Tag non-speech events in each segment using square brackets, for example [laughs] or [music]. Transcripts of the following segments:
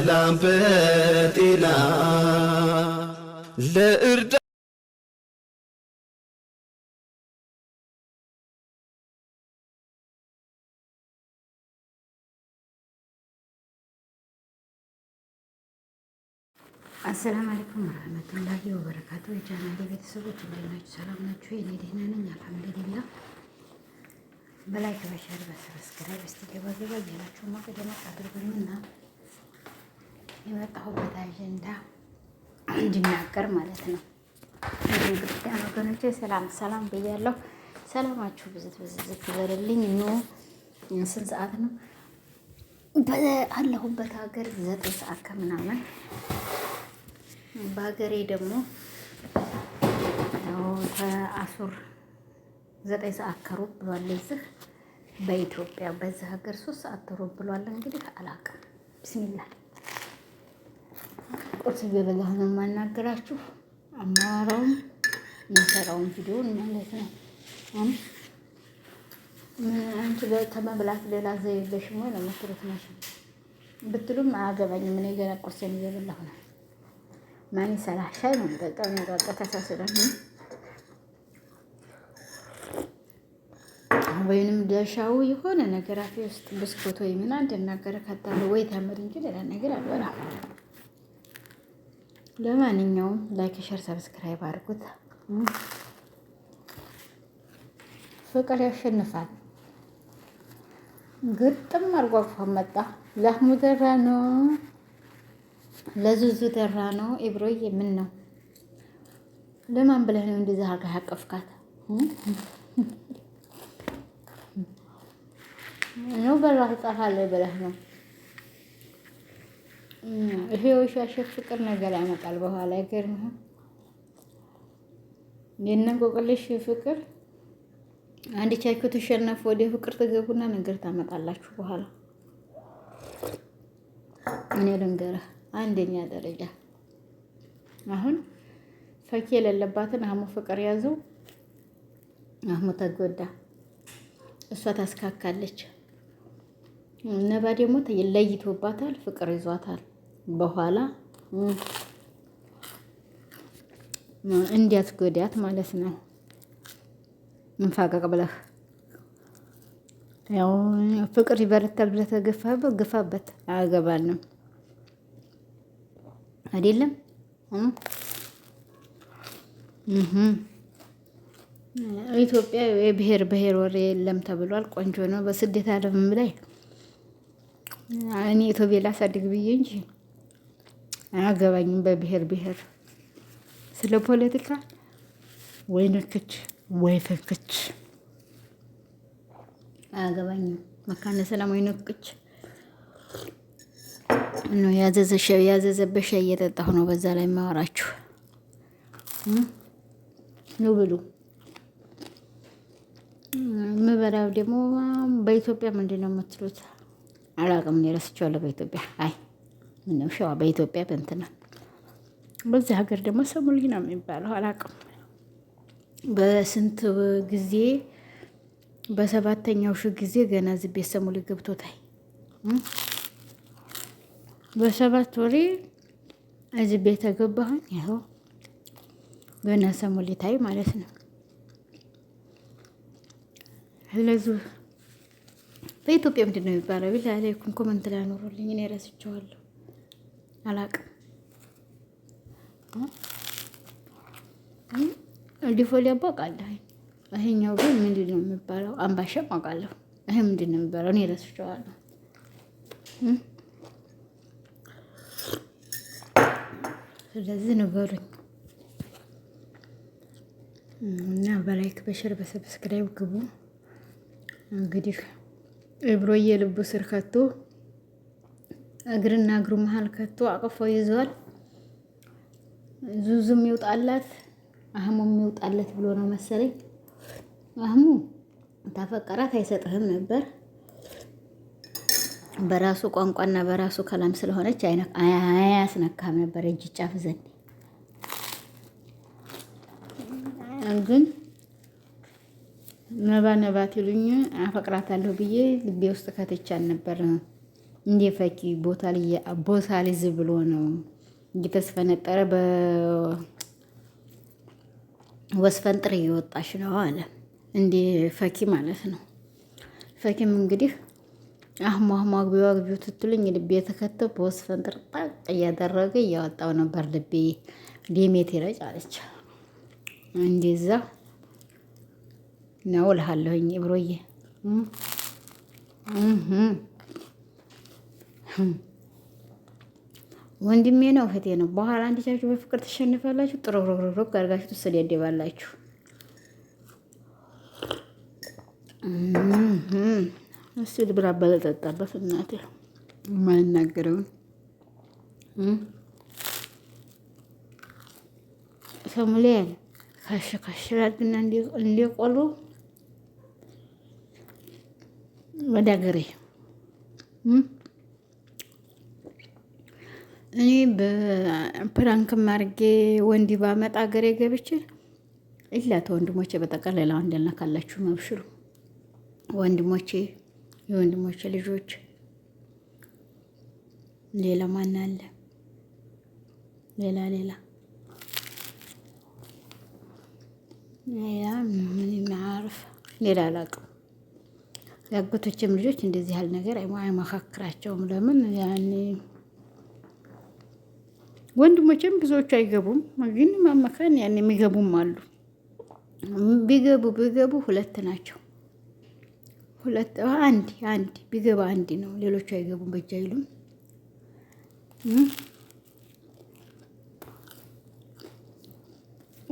በሰላም በጤና ለእርዳ አሰላም አለይኩም ወረህመቱላሂ ወበረካቱ። የቻናሌ ቤተሰቦች እንዴት ናችሁ? ሰላም ናችሁ? እኔ ደህና ነኝ አልሐምዱሊላህ። በላይክ በሸር በሰብስክራይብ እስቲ ገባ ገባ እያላችሁ ማቀደመቅ አድርጉኝና የመጣሁበት አጀንዳ እንዲናገር ማለት ነው። ክርስቲያን ወገኖቼ ሰላም ሰላም ብያለሁ። ሰላማችሁ ብዝት ብዝት ይበልልኝ። ኑ ስንት ሰዓት ነው? አለሁበት ሀገር ዘጠኝ ሰዓት ከምናምን በሀገሬ ደግሞ ከአሱር ዘጠኝ ሰዓት ከሩብ ብሏል። እዚህ በኢትዮጵያ በዚህ ሀገር ሶስት ሰዓት ከሩብ ብሏል። እንግዲህ አላውቅም። ብስሚላህ ቁርስ ገበላ ነው የማናገራችሁ። አማራውን የሚሰራውን ቪዲዮን ማለት ነው። አንቺ ከመብላት ሌላ ዘይለሽ ሞ ለመክሮት ናቸው ብትሉም አያገባኝም። እኔ ገና ቁርስ እየበላሁ ነው። ማን ይሰራል? ሻይ ነው በጣም ያጣጣ ተሳስረን ወይንም ደሻው የሆነ ነገር አፌ ውስጥ ብስኮት ወይ ምን አንድ ነገር ካጣለ ወይ ተምር እንጂ ሌላ ነገር አልበላም። ለማንኛውም ላይክ፣ ሸር፣ ሰብስክራይብ አድርጉት። ፍቅር ያሸንፋል። ግጥም አርጓፋ መጣ። ለአህሙ ደራ ነው ለዙዙ ደራ ነው። ኢብሮዬ ምን ነው ለማን ብለህ ነው እንደዚህ አርጋ ያቀፍካት ነው? በሏ ትጠፋለህ ብለህ ነው ይሄ የውሻሽት ፍቅር ነገር ያመጣል በኋላ አይገርምህም? የእነ እንቆቅልሽ ፍቅር አንድ ቻችሁ ተሸነፉ፣ ወደ ፍቅር ትገቡና ነገር ታመጣላችሁ በኋላ። እኔ ልንገርህ አንደኛ ደረጃ አሁን ፈኪ የሌለባትን አህሙ ፍቅር ያዘው። አህሙ ተጎዳ፣ እሷ ታስካካለች። ነባ ደግሞ ለይቶባታል፣ ፍቅር ይዟታል። በኋላ እንዲያት እንዲያትጎዳት ማለት ነው። እንፋቀቅ ብለህ ያው ፍቅር ይበረታል ብለህ ተገፋበት ግፋበት፣ አያገባንም አይደለም ኢትዮጵያ የብሔር ብሔር ወሬ የለም ተብሏል። ቆንጆ ነው። በስደት ዓለም ላይ እኔ ኢትዮጵያ ላሳድግ ብዬ እንጂ አያገባኝም። በብሔር ብሔር ስለ ፖለቲካ ወይ ንክች ወይ ፍንክች አያገባኝም። መካነ ሰላም ወይ ንክች ነው ያዘዘበት ሻይ እየጠጣሁ ነው። በዛ ላይ ማወራችሁ ነው። ብሉ ምበላው ደግሞ በኢትዮጵያ ምንድን ነው የምትሉት? አላውቅም። እኔ እረስቸዋለሁ። በኢትዮጵያ አይ ምነው ሸዋ በኢትዮጵያ በንትና በዚህ ሀገር ደግሞ ሰሙሊ ነው የሚባለው። አላቅም በስንት ጊዜ በሰባተኛው ሺህ ጊዜ ገና እዚህ ቤት ሰሙሊ ገብቶታል። በሰባት ወሬ እዚህ ቤት ተገባሁኝ። ይኸው ገና ሰሙሊ ታይ ማለት ነው። ስለዚህ በኢትዮጵያ ምንድን ነው የሚባለው? ቢላ ላይ ኮመንት ላይ ኑሩልኝ፣ እኔ አላውቅም። ዲፎ ሊያቦ ይሄኛው ግን ምንድን ነው የሚባለው? አምባሻም አውቃለሁ። ይሄ ምንድን ነው የሚባለው? እኔ ረስቸዋለሁ። ስለዚህ ንገሩኝ እና በላይክ በሸር በሰብስክራይብ ግቡ። እንግዲህ እብሮዬ ልቡ ስር ከቶ እግርና እግሩ መሀል ከቶ አቅፎ ይዟል። ዙዙም ይውጣላት አህሙም ይውጣለት ብሎ ነው መሰለኝ። አህሙ ታፈቀራት አይሰጥህም ነበር በራሱ ቋንቋና በራሱ ከላም ስለሆነች አያስነካም ነበር እጅ ጫፍ ዘንድ። ግን ነባ ነባት ይሉኝ አፈቅራታለሁ ብዬ ልቤ ውስጥ ከትቻል ነበር። እንዴ ፈቂ ቦታ ልይዝ ብሎ ነው እየተስፈነጠረ በወስፈንጥር እየወጣች ነው አለ። እንዴ ፈኪ ማለት ነው። ፈኪም እንግዲህ አህሙ አህሙ አግቢው አግቢው ትትሉኝ ልቤ የተከተው በወስፈንጥር ጣቅ እያደረገ እያወጣው ነበር ልቤ ዴሜት ይረጭ አለች። እንደዛ ነው እልሃለሁኝ ብሮዬ ወንድሜ ነው እህቴ ነው። በኋላ አንዲቻችሁ በፍቅር ትሸንፋላችሁ። ጥሩሩሩሩ አድርጋችሁ ትሰደደባላችሁ። እሱ ልብላ በለጠጣበት እናቴ የማይናገረውን ሰሙሌን ካሽ ካሽ ላድርግና እንዲቆሉ ወደ አገሬ እኔ በፕራንክ ማርጌ ወንድ ባመጣ አገሬ ገብቼ ይላት ወንድሞቼ በጠቃላይ ለአንድ ካላችሁ መብሽሩ ወንድሞቼ፣ የወንድሞቼ ልጆች፣ ሌላ ማን አለ? ሌላ ሌላ ሌላ ምን አረፍ ሌላ አላውቅም። ያጎቶችም ልጆች እንደዚህ ያህል ነገር አይመካክራቸውም። ለምን ያኔ ወንድሞችም ብዙዎቹ አይገቡም፣ ግን ማመካን ያን የሚገቡም አሉ። ቢገቡ ቢገቡ ሁለት ናቸው። ሁለት አንድ አንድ ቢገባ አንድ ነው። ሌሎቹ አይገቡም፣ በእጅ አይሉም።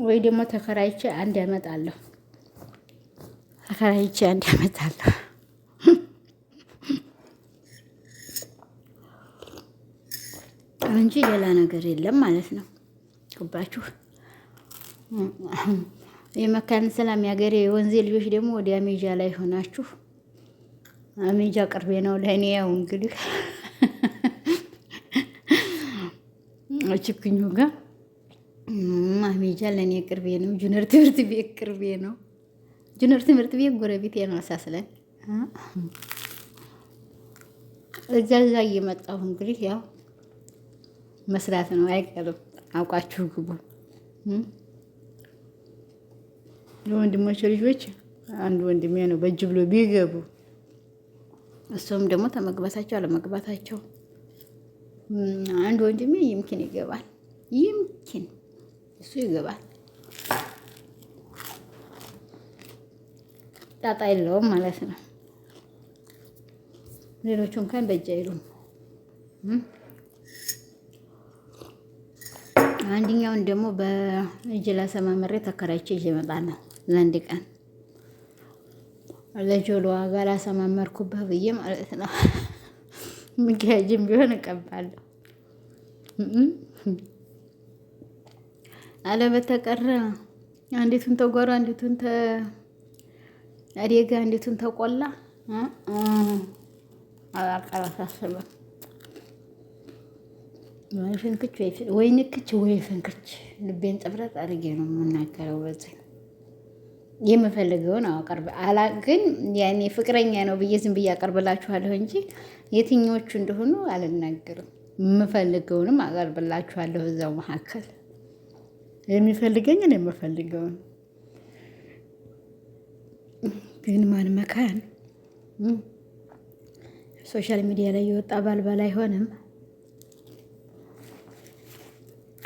ወይ ደግሞ ተከራይቼ አንድ ያመጣለሁ። ተከራይቼ አንድ ያመጣለሁ። እንጂ ሌላ ነገር የለም ማለት ነው። ገባችሁ? የመካን ሰላም የሀገሬ የወንዜ ልጆች ደግሞ ወደ አሜጃ ላይ ሆናችሁ፣ አሜጃ ቅርቤ ነው ለእኔ። ያው እንግዲህ ችግኙ ጋር አሜጃ ለእኔ ቅርቤ ነው። ጁነር ትምህርት ቤት ቅርቤ ነው። ጁነር ትምህርት ቤት ጎረቤቴ ነው። አሳስለን እዛ እዛ እየመጣሁ እንግዲህ ያው መስራት ነው አይቀርም። አውቃችሁ ግቡ። ለወንድሞች ልጆች አንድ ወንድሜ ነው በእጅ ብሎ ቢገቡ እሱም ደግሞ ተመግባታቸው አለመግባታቸው አንድ ወንድሜ ይምኪን ይገባል። ይምኪን እሱ ይገባል። ጣጣ የለውም ማለት ነው። ሌሎቹ እንኳን በእጅ አይሉም። አንድኛውን ደግሞ በእጅ ላሰማምሬ ተከራይቼ ይዤ እመጣለሁ። ለአንድ ቀን ለጆሎ ዋጋ ላሰማመርኩበት ብዬ ማለት ነው። [laughs] ምክያጅም ቢሆን እቀባለሁ። አለ በተቀረ አንዲቱን ተጓሮ፣ አንዲቱን ተአዴጋ፣ አንዲቱን ተቆላ አቀረሳስበም ፍንክች ወይ ንክች ወይ ፍንክች ልቤን ጥብረት አድርጌ ነው የምናገረው። በዚህ የምፈልገውን አቀርብ አላ ግን ያኔ ፍቅረኛ ነው ብዬ ዝም ብዬ አቀርብላችኋለሁ እንጂ የትኞቹ እንደሆኑ አልናገርም። የምፈልገውንም አቀርብላችኋለሁ እዛው መካከል የሚፈልገኝን የምፈልገውን ግን ማን መካን ሶሻል ሚዲያ ላይ የወጣ ባልባል አይሆንም።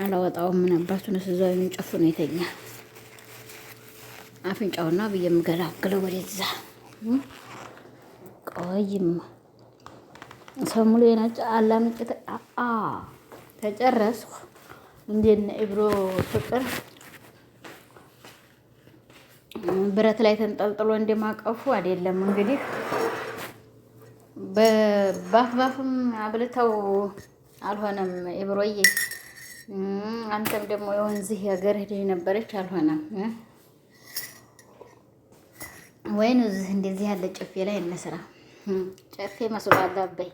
አላወጣውም። ምን አባቱን እዛው የምንጨፉ ነው የተኛ አፍንጫውና ብዬ የምገላግለው ወደዛ ቆይም ሰው ሙሉ የነጭ አላምጭ ተጨረስኩ። እንዴት ነው ኢብሮ ፍቅር ብረት ላይ ተንጠልጥሎ እንደማቀፉ አይደለም እንግዲህ በባፍ ባፍም አብልተው አልሆነም ኢብሮዬ። አንተም ደግሞ የወንዝህ ሀገር ሄደህ ነበረች አልሆነም። ወይን እዚህ እንደዚህ ያለ ጨፌ ላይ እንስራ። ጨፌ መስሏል አበይ።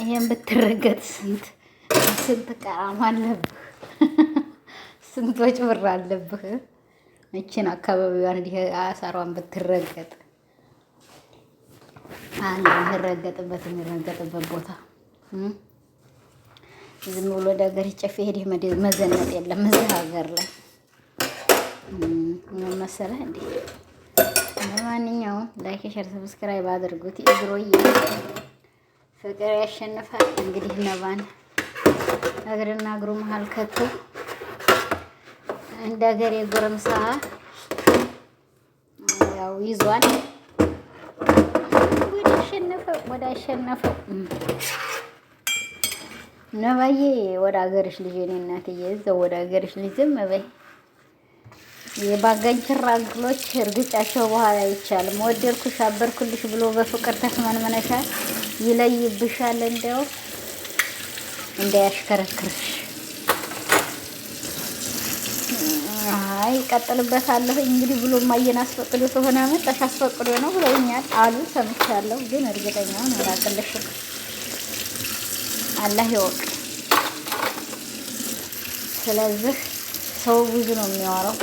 ይሄን ብትረገጥ ስንት ስንት ቀራማ አለብህ፣ ስንቶች ብር አለብህ። እችን አካባቢዋን እንዲህ አሳሯን ብትረገጥ አንድ የሚረገጥበት የሚረገጥበት ቦታ ዝም ብሎ ወደ ሀገር ጨፌ ሄደህ መዘነጥ የለም። እዚህ ሀገር ላይ ምን መሰለህ እንዴ? ለማንኛውም ላይክ፣ ሸር፣ ሰብስክራይብ አድርጉት። እግሮዬ ፍቅር ያሸንፋል። እንግዲህ ነባን እግርና እግሩ መሀል ከቶ እንደ ሀገር የጎረምሳ ያው ይዟል ወደ አሸነፈው ወደ አሸነፈው ነባዬ ወደ ሀገርሽ ልጅ እኔ እናትዬ እዛው ወደ ሀገርሽ ልጅ ዝም በይ። የባጋንችራ ግሎች እርግጫቸው በኋላ አይቻልም። ወደድኩሽ አበርኩልሽ ብሎ በፍቅር ተስመንመነሻል። ይለይብሻል፣ እንደው እንዳያሽከረክርሽ። አይ ቀጥልበታለሁ እንግዲህ ብሎ ማየን አስፈቅዶ ከሆነ መጣሽ አስፈቅዶ ነው ብለውኛል አሉ ሰምቻለሁ፣ ግን እርግጠኛውን አላቅልሽም አላህ ይወቅ። ስለዚህ ሰው ብዙ ነው የሚያወራው፣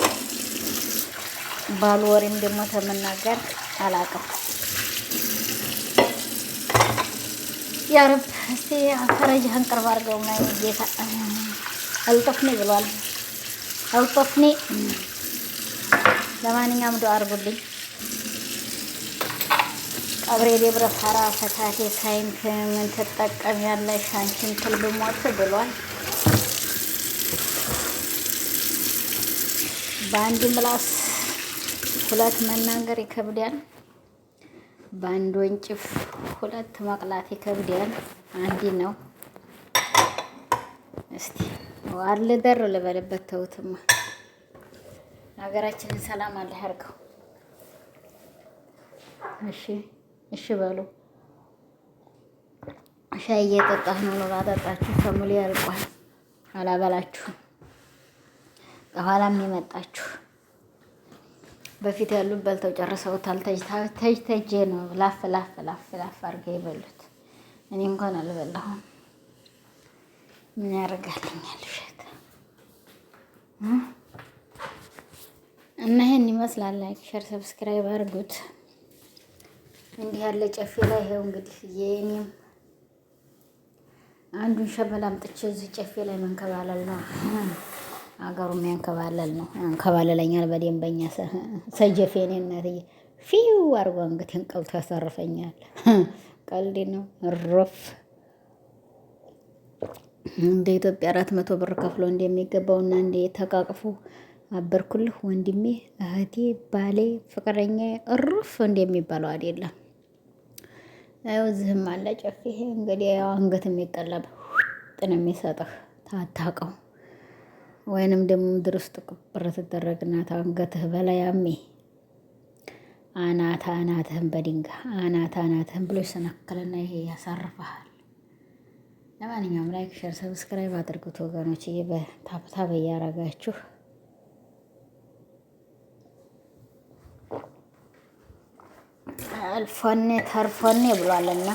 ባሉ ወሬም ደግሞ ተመናገር አላውቅም። ያረብ እስቲ ፈረጅህን ቅርብ አድርገው። ማይ ጌታ አልጦፍኒ ብሏል። አልጦፍኒ ለማንኛውም ዶ አርጉልኝ። ደብረ ፋራ ፈታቴ ሳይንክ ምን ትጠቀም ያለሽ አንቺን ትል ሞት ብሏል። በአንድ ምላስ ሁለት መናገር ይከብዳል። በአንድ ወንጭፍ ሁለት መቅላት ይከብዳል። አንዲ ነው። እስቲ አልደር ልበልበት። ተውትማ ሀገራችንን ሰላም አለ ያርገው። እሺ እሺ በሉ። ሻይ እየጠጣህ ነው? ላጠጣችሁ። ከሙሉ ያልቋል። አላበላችሁም። ከኋላም የመጣችሁ በፊት ያሉት በልተው ጨርሰውታል። ተጅ ተጄ ነው ላፍ ላፍ ላፍ ላፍ አድርገው የበሉት። እኔ እንኳን አልበላሁም። ምን ያደርጋልኛል ሸት እና ይህን ይመስላል። ላይክ ሸር ሰብስክራይብ አድርጉት። እንዲህ ያለ ጨፌ ላይ ይኸው እንግዲህ የኔም አንዱን ሸበላ አምጥቼ እዚህ ጨፌ ላይ መንከባለል ነው። አገሩም ያንከባለል ነው። ያንከባለለኛል በደንበኛ ሰጀፌ እኔ እናትዬ ፊው አርጎ እንግዲህ እንቀልቶ ያሳርፈኛል። ቀልድ ነው። ሮፍ እንደ ኢትዮጵያ አራት መቶ ብር ከፍሎ እንደሚገባው ና እንደ ተቃቅፎ አበርኩልህ ወንድሜ፣ እህቴ፣ ባሌ፣ ፍቅረኛ ሩፍ እንደሚባለው አይደለም። ያው እዚህም አለ ጨፌ። እንግዲህ ያው አንገት የሚቀለብ ጥን የሚሰጥህ ታታቀው ወይንም ደግሞ ምድር ውስጥ ቅብር ትደረግና አንገትህ በላይ አናት አናትህን በድንጋይ አናት አናትህን ብሎ ይሰናክልና ይሄ ያሳርፈሃል። ለማንኛውም ላይክ፣ ሸር፣ ሰብስክራይብ አድርጉት ወገኖች፣ በታብታብ እያረጋችሁ ጠልፎኔ ተርፎኔ ብሏልና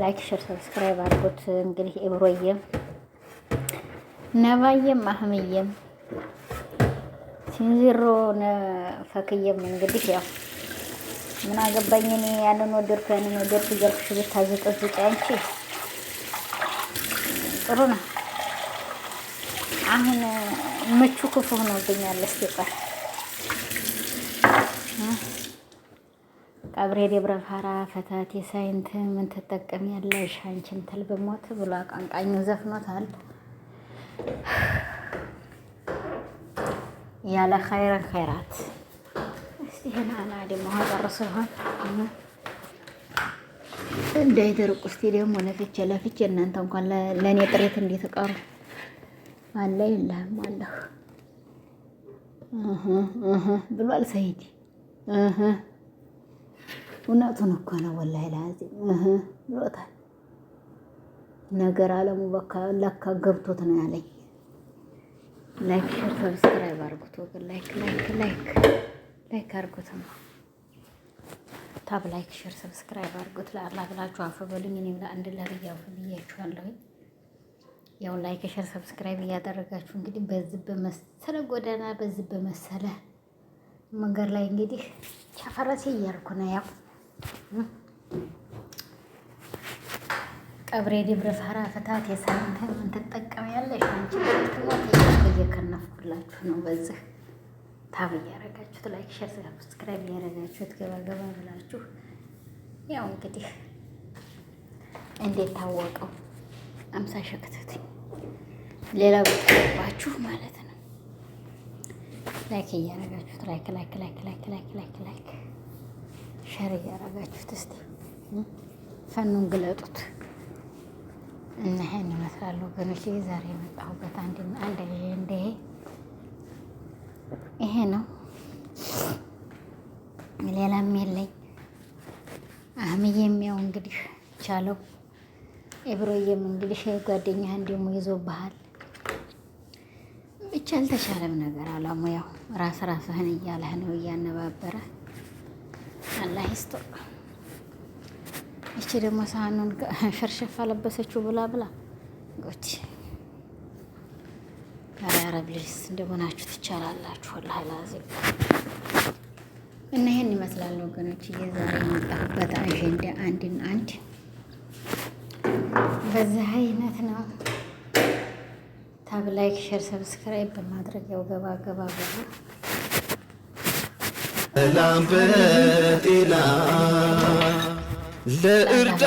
ላይክ ሸር ሰብስክራይብ አድርጉት። እንግዲህ ኢብሮዬም ነባዬም አህምዬም ሲንዚሮ ፈክዬም እንግዲህ ያው ምን አገባኝ እኔ ያንን ወደድኩ ያንን ወደድኩ እያልኩሽ ብታዘቀዝቂ አንቺ ጥሩ ነው። አሁን ምቹ ክፉ ሆኖብኛል። እስኪ ቆይ ቀብሬ ደብረ ፋራ ፈታቴ ሳይንት ምን ትጠቀም ያለሽ አንቺም ትል ብሞት ብሎ አቀንቃኙ ዘፍኖታል። ያለ ኸይረ ኸይራት እስቲ ህናና ደሞ ጨርሶ ይሆን እንዳይደርቁ እስቲ ደግሞ ለፍቼ ለፍቼ እናንተ እንኳን ለእኔ ጥሬት እንዴት ቀሩ አለ የለህም አለሁ ብሏል ሰይድ እውነቱን እኮ ነው ወላሂ ለአዜብ ብሎታል። ነገር አለሙ በቃ ለካ ገብቶት ነው ያለኝ። ላይክ ሼር ሰብስክራይብ አርጉት ወገን፣ ላይክ ላይክ ላይክ ላይክ አርጉት ታብ ላይክ ሼር ሰብስክራይብ አርጉት። ለአላህ ብላችሁ አፍ በሉኝ። እኔም ለአንድ ለብዬ አፍ ብያችኋለሁ። ያው ላይክ ሼር ሰብስክራይብ እያደረጋችሁ እንግዲህ በዚህ በመሰለ ጎዳና በዚህ በመሰለ መንገድ ላይ እንግዲህ ቸፈረሴ እያልኩ ነው ያው ቀብሬ ድብረ ፋራ ፈታት የሳምንት ምን ትጠቀሚያለሽ አንቺ? እየከነፍኩላችሁ ነው። በዚህ ታብ እያረጋችሁት ላይክ፣ ሸር፣ ሰብስክራይብ እያረጋችሁት ገባ ገባ ብላችሁ ያው እንግዲህ እንዴት ታወቀው አምሳ ሸክተት ሌላ ባችሁ ማለት ነው። ላይክ እያረጋችሁት ላይክ ላይክ ላይክ ላይክ ላይክ ላይክ ላይክ ሸር እያረጋችሁት እስቲ ፈኑን ግለጡት እና ይሄን ይመስላል ወገኖች። ዛሬ የመጣሁበት አንድ አንድ እንደ ይሄ ነው። ሌላም የለኝ። አህምዬም ያው እንግዲህ ቻለው ኤብሮዬም እንግዲህ ጓደኛህን ደግሞ ይዞብሃል። ብቻ አልተቻለም ነገር አላሙ ያው ራስ ራስህን እያለህ ነው እያነባበረ አላህ ይስጥ። ይቺ ደግሞ ሳህኑን ሸርሸፍ አለበሰችው ብላ ብላ ጎች አረብ ልጅስ እንደሆናችሁ ትቻላላችሁ። ወላሂ እና ይህን ይመስላል ወገኖች። እየዛሬ የመጣሁበት አጀንዳ አንድና አንድ በዚህ አይነት ነው። ታብ ላይክ፣ ሼር፣ ሰብስክራይብ በማድረግ ያው ገባ ገባ ገባ ላምበጤላ ለእርዳ